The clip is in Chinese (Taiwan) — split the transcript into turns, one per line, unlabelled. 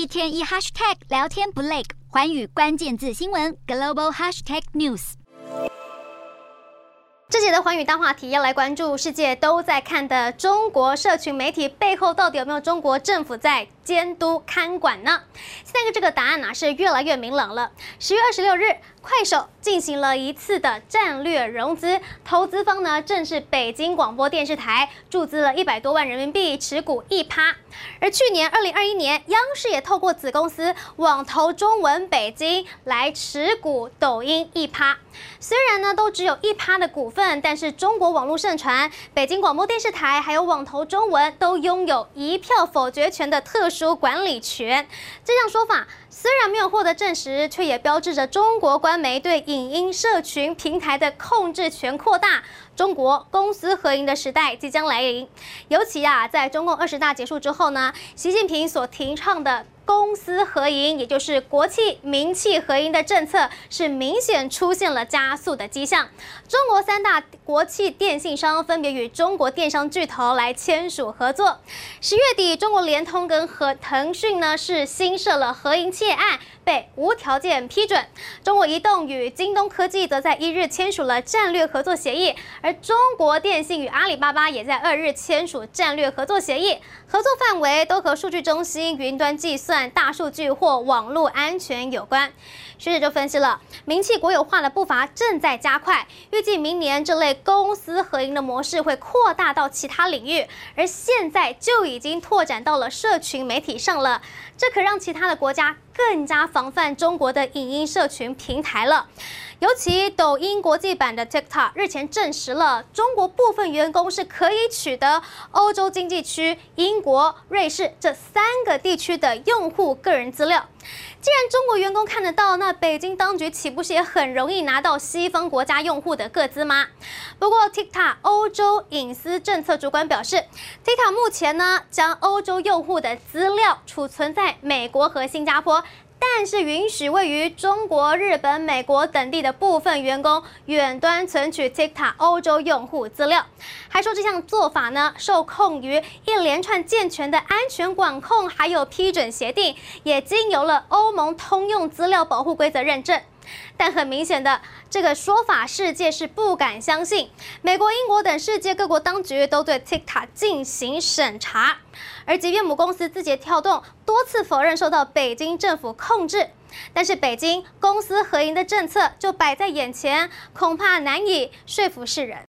一天一 hashtag 聊天不累，寰宇關鍵字新聞 global hashtag news。這節的寰宇大話題要來關注世界都在看的中國社群媒體背後到底有沒有中國政府在？監督看管呢？現在這個答案呢、啊、是越來越明朗了。十月二十六日，快手進行了一次的戰略融資，投資方呢正是北京廣播電視台，注資了一百多萬人民幣，持股一趴。而去年二零二一年，央視也透過子公司網投中文北京來持股抖音一趴。雖然呢都只有一趴的股份，但是中國網絡盛傳，北京廣播電視台還有網投中文都擁有一票否決權的特殊州管理權，這項說法雖然沒有獲得證實，卻也標誌着中國官媒對影音社群平台的控制權擴大。中國公私合營的時代即將來臨，尤其啊，在中共二十大結束之後呢，習近平所提倡的。公私合營，也就是國企民企合營的政策，是明顯出現了加速的跡象。中國三大國企電信商分別與中國電商巨頭來簽署合作。十月底，中國聯通跟和騰訊呢是新設了合營企業案。無條件批准。中國移動與京東科技則在一日簽署了戰略合作協議，而中國電信與阿里巴巴也在二日簽署戰略合作協議，合作範圍都和數據中心、雲端計算、大數據或網絡安全有關。學者就分析了，民企國有化的步伐正在加快，預計明年這類公私合營的模式會擴大到其他領域，而現在就已經拓展到了社群媒體上了，這可讓其他的國家。更加防範中國的影音社群平台了，尤其抖音國際版的 TikTok 日前證實了，中國部分員工是可以取得歐洲經濟區、英國、瑞士這三個地區的用戶個人資料。既然中國員工看得到，那北京當局豈不是也很容易拿到西方國家用戶的個資嗎？不過，TikTok 歐洲隱私政策主管表示 ，TikTok 目前呢，將歐洲用戶的資料儲存在美國和新加坡。但是允許位於中國、日本、美國等地的部分員工遠端存取 TikTok 歐洲用戶資料，還說這項做法呢，受控於一連串健全的安全管控，還有批准協定，也經由了歐盟通用資料保護規則認證。但很明顯的，這個說法世界是不敢相信。美國、英國等世界各國當局都對 TikTok 進行審查，而即便母公司字節跳動多次否認受到北京政府控制，但是北京“公私合營”的政策就擺在眼前，恐怕難以說服世人。